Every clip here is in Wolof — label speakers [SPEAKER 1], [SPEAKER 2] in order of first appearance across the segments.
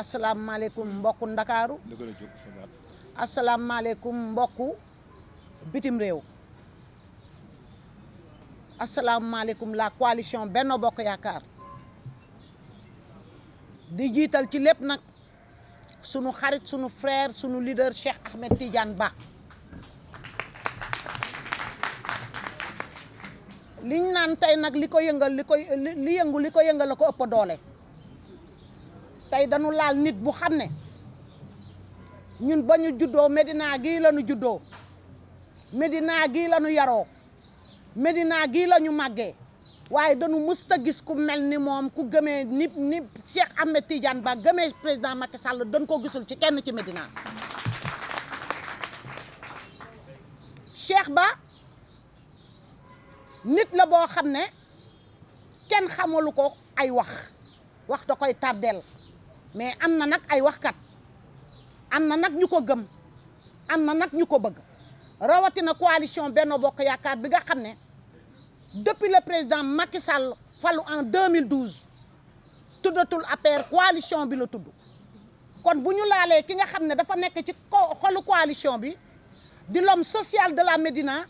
[SPEAKER 1] asalaamaaleykum mbokk ndakaaru asalaamaaleykum mbokku bitim réew asalaamaaleykum la coalition benn Bokk Yaakaar di jiital ci lépp nag sunu xarit sunu frère sunu leader Cheikh Ahmed Tidiane Ba liñ naan tey nag li ko yëngal li koy li yëngu li ko yëngal la ko ëpp doole tey dañu laal nit bu xam ne ñun ba ñu juddoo Medina gii la juddoo Medina gii lañu ñu yaroo Medina gii lañu ñu màggee waaye dañu mësta gis ku mel ni moom ku gëmee ni ni Cheikh Ba gëmee président Macky Sall dañ ko gisul ci kenn ci Medina Cheikh Ba nit la boo xam ne kenn xamalu ko ay wax wax da koy tardeel mais am na nag ay waxkat am na nag ñu ko gëm am na nag ñu ko bëgg rawatina coalition benn Bokk Yaakaar bi nga xam ne depuis le président Macky Sall falu en 2012 tuddatul APR coalition bi la tudd kon bu ñu laalee ki nga xam ne dafa nekk ci xolu coalition bi di l'homme social de la Médina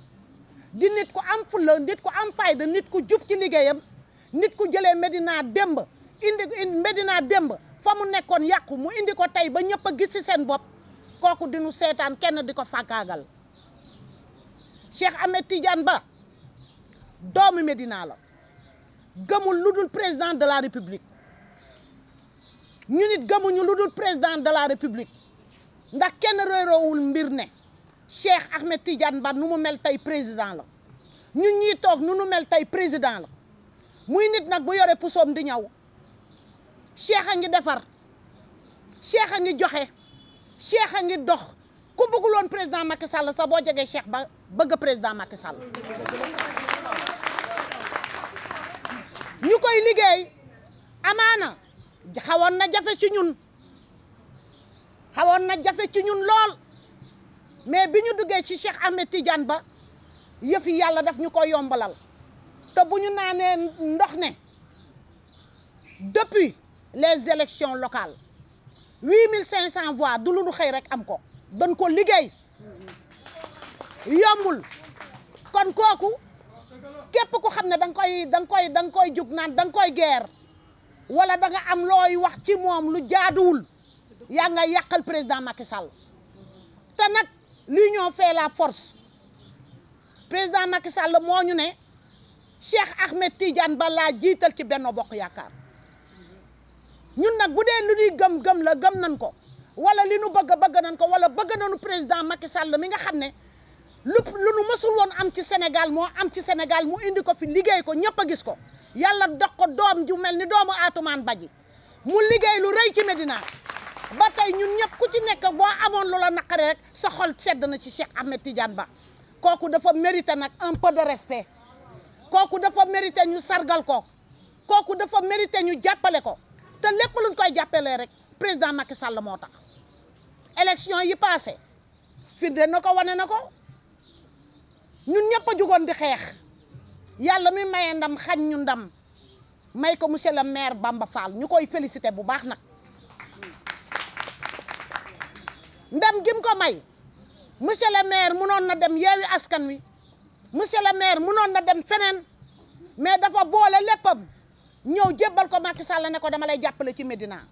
[SPEAKER 1] di nit ku am fulla nit ku am fayda nit ku jub ci liggéeyam nit ku jëlee Médina démb indi Médina démb fa mu nekkoon yàqu mu indi ko tey ba ñëpp a gis ci seen bopp kooku dinu seetaan kenn di ko fàkkaagal Cheikh Ahmed Tidiane Ba doomu Medina la gëmul lu dul président de la république ñu nit gëmuñu lu dul président de la république ndax kenn réeroowul mbir ne Cheikh Ahmed Tidiane Ba nu mu mel tey président la ñun ñuy toog nu nu mel tey président la muy nit nag bu yore pusoom di ñaw cheikh a ngi defar cheikh a ngi joxe cheikh a ngi dox ku bëggul président Macky Sall sax boo jegee cheikh ba bëgg président Macky Sall ñu koy liggéey amaana xawoon na jafe ci ñun xawoon na jafe ci ñun lool mais bi ñu duggee ci Cheikh Ahmed Tidiane ba yëfi yàlla def ñu ko yombalal te bu ñu naanee ndox ne depuis les élections locales huit mille cinq cent voix du lu nu xëy rek am ko dañ ko liggéey yombul kon kooku képp ku xam ne danga nga koy da nga koy da nga koy jug naan da nga koy wala da am looy wax ci moom lu jaaduwul yaa nga yàqal président Macky Sall te nag l'union fait la force président Macky Sall moo ñu ne Cheikh Ahmed Tidiane Ba laa jiital ci benn Bokk Yaakaar ñun nag bu dee lu ñuy gëm-gëm la gëm nañ ko wala li nu bëgg bëgg nañ ko wala bëgg nañu président Macky Sall mi nga xam ne lu lu nu mësul woon am ci Sénégal moo am ci Sénégal mu indi ko fi liggéey ko ñëpp a gis ko yàlla dox ko doom ju mel ni doomu Atoumane Badji mu liggéey lu rëy ci Medina ba tey ñun ñëpp ku ci nekk boo amoon lu la naqare rek sa xol sedd na ci Cheikh Ahmed Tidiane Ba kooku dafa mérité nag un peu de respect kooku dafa mérité ñu sargal ko kooku dafa mérité ñu jàppale ko te lépp luñ koy jàppalee rek président Macky Sall moo tax élection yi passé firnde na ko wane na ko ñun ñëpp a jugoon di xeex yàlla muy maye ndam xañ ñu ndam may ko monsieur le maire Bamba Fall ñu koy félicité bu baax nag ndam gim ko may monsieur le maire munoon na dem yeewi askan wi monsieur le maire munoon na dem feneen mais dafa boole léppam ñëw jébbal ko Macky Sall ne ko dama lay jàppale ci Médina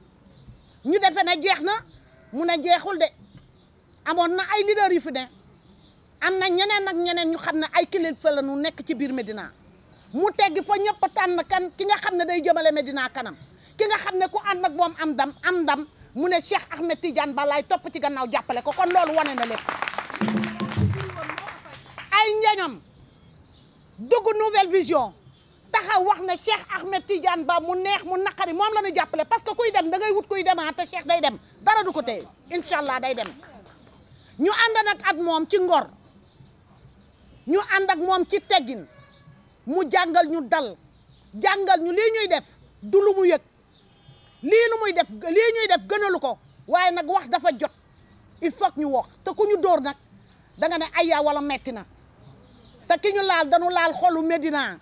[SPEAKER 1] ñu defee ne jeex na mu ne jeexul de amoon na ay leader yu fi ne am na ñeneen nag ñeneen ñu xam ne ay kilifa la ñu nekk ci biir Médina mu teggi fa ñëpp tànn kan ki nga xam ne day jëmale Médina kanam ki nga xam ne ku ànd ak moom am dam am ndam mu ne Cheikh Ahmed Tidiane Ba laay topp ci gannaaw jàppale ko kon loolu wane na lépp ay njañam dugg nouvelle vision taxaw wax na Cheikh Ahmed Tidiane Ba mu neex mu naqari moom la ñu jàppale parce que kuy dem da ngay wut kuy demaat ah te Cheikh day dem dara du ko téye incha allah day dem ñu ànd nag moom ci ngor ñu àndak ak moom ci teggin mu jàngal ñu dal jàngal ñu lii ñuy def du lu mu yëg lii lu muy def lii ñuy def gënalu ko waaye nag wax dafa jot il faut ñu wox te ku ñu dóor nag danga nga ne ayya wala metti na te ki ñu laal dañu laal xolu Medina.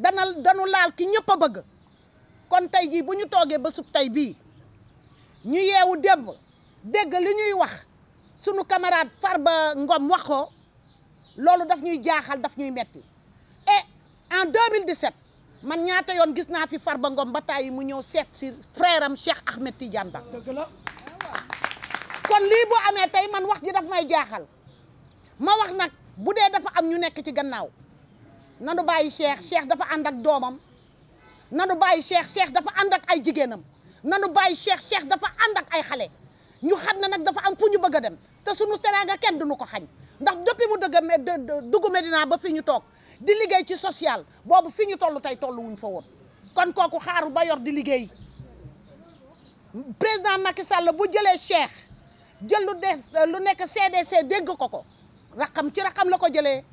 [SPEAKER 1] dana danu laal ki ñëpp a bëgg kon tey jii bu ñu toogee ba sub tey bii ñu yeewu démb dégg li ñuy wax sunu camarade Farba Ngom wax ko loolu daf ñuy jaaxal daf ñuy metti et eh, en 2017 man ñaata yoon gis naa fi far ba Ngom ba tàyyi mu ñëw seet si frère am Cheikh Ahmed Tidiane kon lii boo amee tey man wax ji daf may jaaxal ma wax nag bu dee dafa am ñu nekk ci gannaaw nanu bàyyi Cheikh Cheikh dafa ànd ak doomam nanu bàyyi Cheikh Cheikh dafa ànd ak ay jigéenam nanu bàyyi Cheikh Cheikh dafa ànd ak ay xale ñu xam ne nag dafa am fu ñu bëgg a dem te suñu teraanga kenn duñu ko xañ ndax depuis mu dëgg dugg Medina ba fi ñu toog di liggéey ci sociale boobu fi ñu toll tey toll wuñ fa woon kon kooku xaaru ba di liggéey président Macky sàll bu jëlee Cheikh jël lu des lu nekk CDC dégg ko ko raxam ci raxam la ko jëlee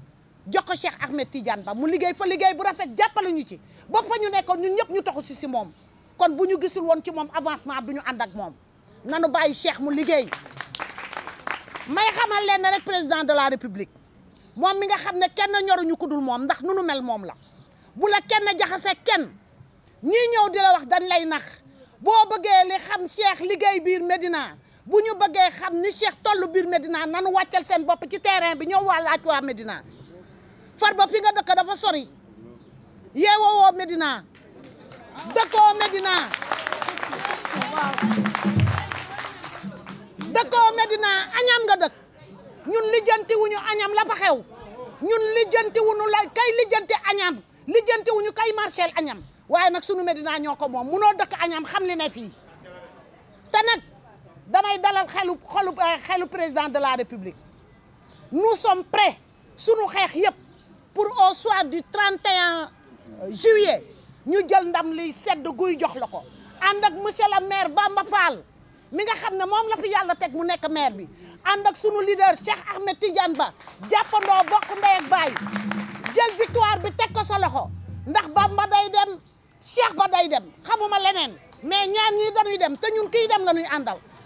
[SPEAKER 1] jox ko Cheikh Ahmed Tidiane Ba mu liggéey fa liggéey bu rafet jàppale ci ba fa ñu nekkoon ñun ñëpp ñu taxu si si moom kon bu ñu gisul woon ci moom avancement du ñu ànd ak moom nanu bàyyi Cheikh mu liggéey may xamal leen ne rek président de la république moom mi nga xam ne kenn ñoruñu ku dul moom ndax nu nu mel moom la bu la kenn jaxase kenn ñii ñëw di la wax dañ lay nax boo bëggee li xam Cheikh liggéey biir Medina bu ñu bëggee xam ni Cheikh tollu biir Medina nanu wàccal seen bopp ci terrain bi ñëw waa laaj waa Medina Farba fi nga dëkk dafa sori yeewoo woo Medina dëkkoo Medina dëkkoo Medina añam nga dëkk ñun lijjanti añam la fa xew ñun lijjanti wuñu la kay lijjanti añam lijjanti kay marchel añam waaye nag sunu Medina ñoo ko moom munoo dëkk añam xam li ne fii te nag damay dalal xelu eh, président de la république nous sommes prêts sunu xeex yépp pour au soir du 31 euh, juillet ñu jël ndam li sedd guy jox la ko ànd ak monsieur le maire Bamba Fall mi nga xam ne moom la fi yàlla teg mu nekk maire bi ànd ak sunu leader Cheikh Ahmed Tidiane Ba jàppandoo bokk ndey baay jël victoire bi teg ko sa loxo ndax Bamba day dem Cheikh ba day dem xamuma leneen mais ñaar ñii dañuy dem te ñun kiy dem la ñuy àndal